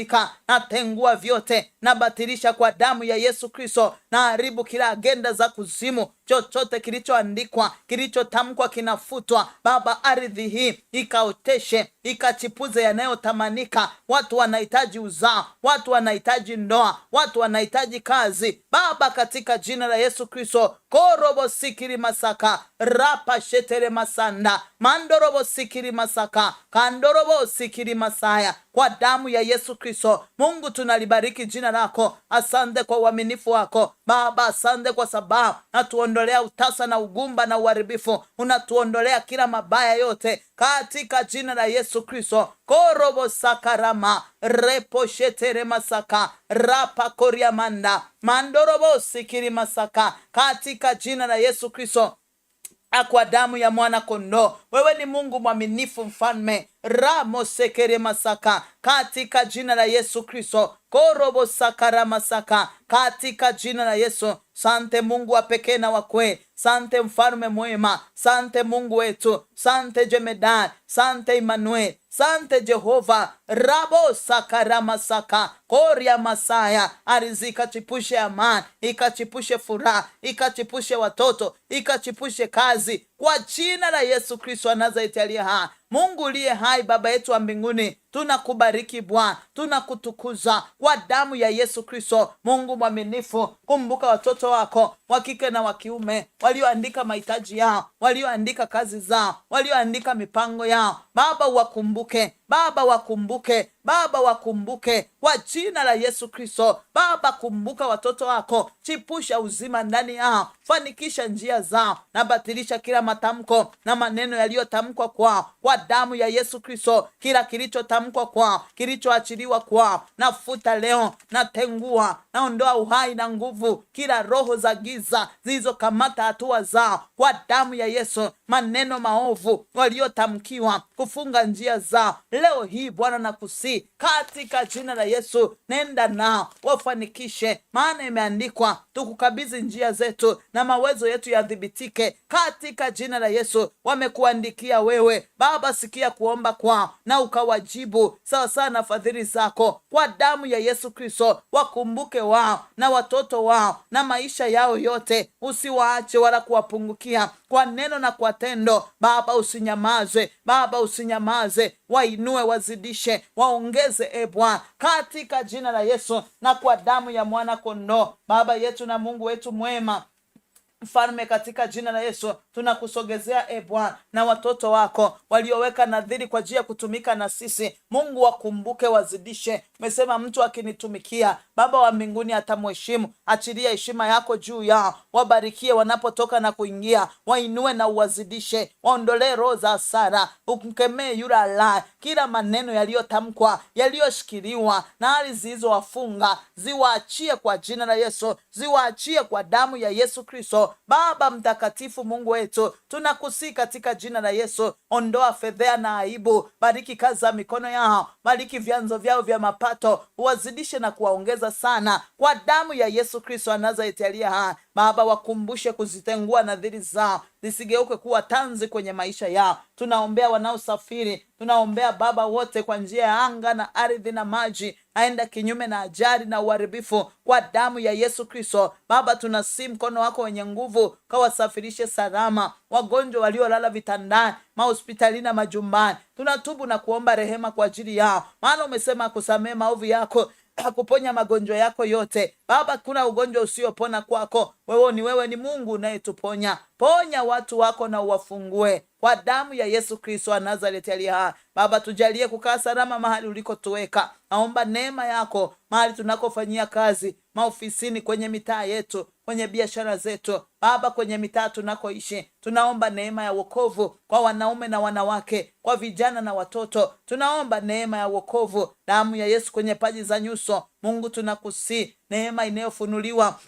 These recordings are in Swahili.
na natengua vyote, nabatilisha kwa damu ya Yesu Kristo, naharibu kila agenda za kuzimu. Chochote kilichoandikwa, kilichotamkwa kinafutwa. Baba, ardhi hii ikaoteshe ikachipuze yanayotamanika. Watu wanahitaji uzao, watu wanahitaji ndoa, watu wanahitaji kazi. Baba, katika jina la Yesu Kristo, korobo sikiri masaka rapa shetere masanda mandorobo sikiri masaka kandorobo sikiri masaya, kwa damu ya Yesu Kristo. Mungu, tunalibariki jina lako. Asante kwa uaminifu wako Baba, asante kwa sababu natuondolea utasa na ugumba na uharibifu, unatuondolea kila mabaya yote katika jina la Yesu Yesu Kristo korobo sakarama reposhetere masaka rapa manda mandorobo sikiri masaka katika jina la Yesu Kristo Ah, kwa damu ya mwana kondoo. Wewe ni Mungu mwaminifu, mfalme ramo sekere masaka katika jina la Yesu Kristo korobo sakara masaka katika jina la Yesu. Sante Mungu wa pekee na wakwe, sante mfalme mwema, sante Mungu wetu, sante jemedari, sante Emmanuel Sante Jehova rabo sakaramasaka koria masaya arizi ikachipushe amani, ikachipushe furaha, ikachipushe watoto, ikachipushe kazi kwa jina la Yesu Kristo wa Nazareti aliye hai. Mungu uliye hai, Baba yetu wa mbinguni, tunakubariki Bwana, tunakutukuza kwa damu ya Yesu Kristo. Mungu mwaminifu, kumbuka watoto wako wa kike na wa kiume walioandika mahitaji yao, walioandika kazi zao, walioandika mipango yao. Baba wakumbuke Baba wakumbuke Baba, wakumbuke kwa jina la Yesu Kristo. Baba, kumbuka watoto wako, chipusha uzima ndani yao, fanikisha njia zao, na batilisha kila matamko na maneno yaliyotamkwa kwao kwa damu ya Yesu Kristo. Kila kilichotamkwa kwao, kilichoachiliwa kwao, nafuta leo, natengua, naondoa uhai na nguvu, kila roho za giza zilizokamata hatua zao kwa damu ya Yesu. Maneno maovu waliotamkiwa kufunga njia zao, leo hii Bwana nakusi katika jina la Yesu, nenda nao wafanikishe, maana imeandikwa tukukabidhi njia zetu na mawezo yetu yadhibitike katika jina la Yesu. Wamekuandikia wewe Baba, sikia kuomba kwao na ukawajibu sawasawa na fadhili zako. Kwa damu ya Yesu Kristo wakumbuke wao na watoto wao na maisha yao yote, usiwaache wala kuwapungukia kwa neno na kwa tendo. Baba usinyamaze, Baba usinyamaze, wainue, wazidishe, waongeze, e Bwana, katika jina la Yesu na kwa damu ya mwana kondoo Baba yetu na Mungu wetu mwema. Mfalme, katika jina la Yesu tunakusogezea e Bwana na watoto wako walioweka nadhiri kwa ajili ya kutumika na sisi. Mungu wakumbuke, wazidishe. Umesema mtu akinitumikia Baba wa mbinguni atamheshimu. Achilia heshima yako juu yao, wabarikie wanapotoka na kuingia, wainue na uwazidishe, waondolee roho za hasara, umkemee yule alaye. Kila maneno yaliyotamkwa yaliyoshikiliwa na hali zilizowafunga ziwaachie kwa jina la Yesu, ziwaachie kwa damu ya Yesu Kristo. Baba mtakatifu, Mungu wetu, tunakusii katika jina la Yesu, ondoa fedhea na aibu, bariki kazi za mikono yao, bariki vyanzo vyao vya mapato, uwazidishe na kuwaongeza sana, kwa damu ya Yesu Kristo anazaitalia Nazareti Baba, wakumbushe kuzitengua nadhiri zao lisigeuke kuwa tanzi kwenye maisha yao. Tunaombea wanaosafiri, tunaombea Baba wote kwa njia ya anga na ardhi na maji, aenda kinyume na ajali na uharibifu kwa damu ya Yesu Kristo. Baba, tunasi mkono wako wenye nguvu, kawasafirishe salama wagonjwa waliolala vitandani, mahospitalini na majumbani. Tunatubu na kuomba rehema kwa ajili yao, maana umesema kusamehe maovu yako kuponya magonjwa yako yote. Baba, kuna ugonjwa usiopona kwako wewe, ni wewe ni Mungu unayetuponya. Ponya watu wako na uwafungue kwa damu ya Yesu Kristo wa Nazareti aliye hai. Baba, tujalie kukaa salama mahali ulikotuweka. Naomba neema yako mahali tunakofanyia kazi maofisini, kwenye mitaa yetu, kwenye biashara zetu, Baba, kwenye mitaa tunakoishi. Tunaomba neema ya wokovu kwa wanaume na wanawake, kwa vijana na watoto. Tunaomba neema ya wokovu, damu ya Yesu kwenye paji za nyuso. Mungu tunakusi neema inayofunuliwa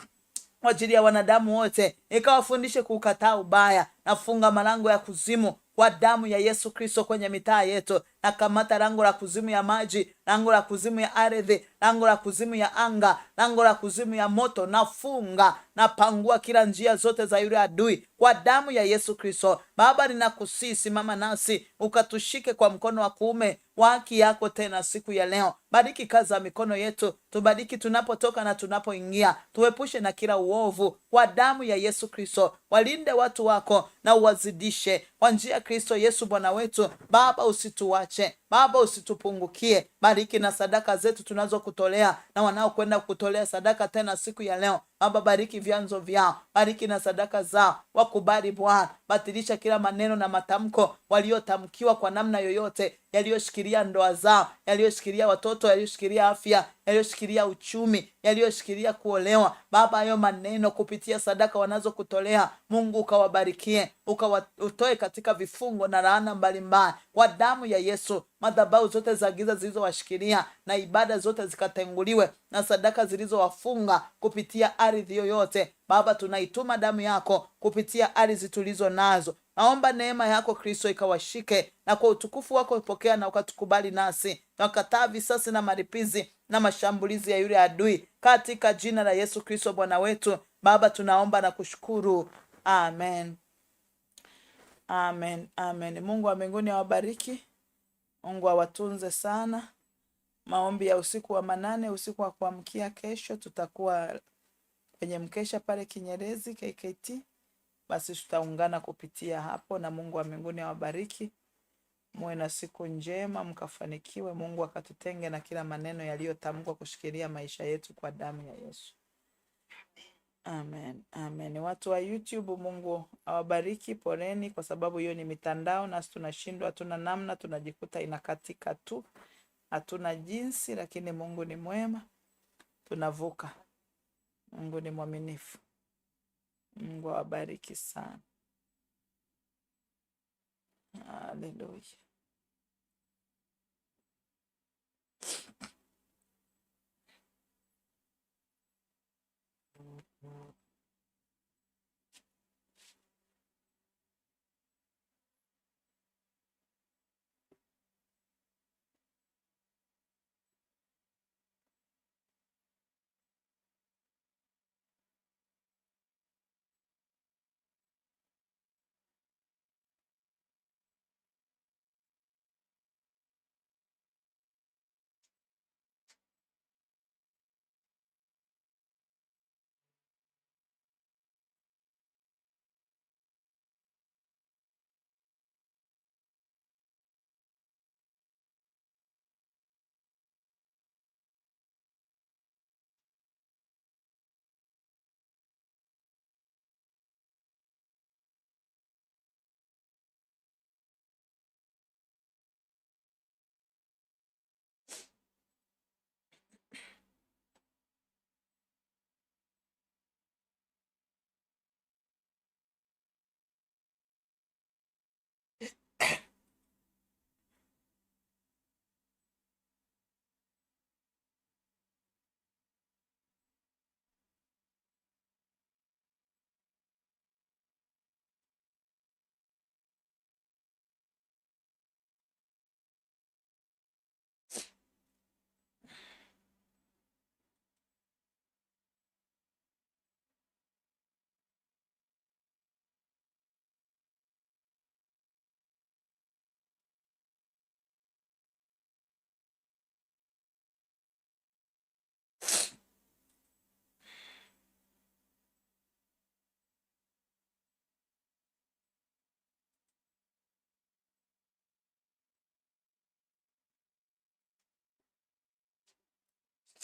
kwa ajili ya wanadamu wote, ikawafundishe kukataa ubaya na kufunga malango ya kuzimu kwa damu ya Yesu Kristo kwenye mitaa yetu nakamata lango la kuzimu ya maji, lango la kuzimu ya ardhi, lango la kuzimu ya anga, lango la kuzimu ya moto, nafunga napangua kila njia zote za yule adui kwa damu ya Yesu Kristo. Baba, ninakusii simama nasi ukatushike kwa mkono wa kuume wa haki yako tena siku ya leo. Bariki kazi za mikono yetu, tubariki tunapotoka na tunapoingia, tuepushe na kila uovu kwa damu ya Yesu Kristo. Walinde watu wako na uwazidishe kwa njia ya Kristo Yesu Bwana wetu. Baba, usituache പക്ഷെ Baba, usitupungukie, bariki na sadaka zetu tunazokutolea na wanaokwenda kutolea sadaka tena siku ya leo. Baba, bariki vyanzo vyao, bariki na sadaka zao, wakubali Bwana, batilisha kila maneno na matamko waliotamkiwa kwa namna yoyote, yaliyoshikilia ndoa zao, yaliyoshikilia watoto, yaliyoshikilia afya, yaliyoshikilia uchumi, yaliyoshikilia kuolewa. Baba, hayo maneno kupitia sadaka wanazokutolea Mungu, ukawabarikie, ukawatoe katika vifungo na laana mbalimbali kwa damu ya Yesu madhabahu zote za giza zilizowashikilia na ibada zote zikatenguliwe na sadaka zilizowafunga kupitia ardhi yoyote. Baba, tunaituma damu yako kupitia ardhi tulizo nazo. Naomba neema yako Kristo ikawashike na kwa utukufu wako pokea na ukatukubali nasi, na visasi na maripizi na mashambulizi ya yule adui katika jina la Yesu Kristo Bwana wetu. Baba, tunaomba na kushukuru. Amen, amen, amen. Mungu wa mbinguni awabariki. Mungu awatunze sana. Maombi ya usiku wa manane, usiku wa kuamkia kesho, tutakuwa kwenye mkesha pale Kinyerezi KKT. Basi tutaungana kupitia hapo, na Mungu wa mbinguni awabariki, muwe na siku njema, mkafanikiwe. Mungu akatutenge na kila maneno yaliyotamkwa kushikilia maisha yetu kwa damu ya Yesu. Amen, amen. Watu wa YouTube, Mungu awabariki. Poleni kwa sababu hiyo ni mitandao, nasi tunashindwa, hatuna namna, tunajikuta inakatika tu, hatuna jinsi, lakini Mungu ni mwema, tunavuka. Mungu ni mwaminifu. Mungu awabariki sana. Haleluya.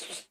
you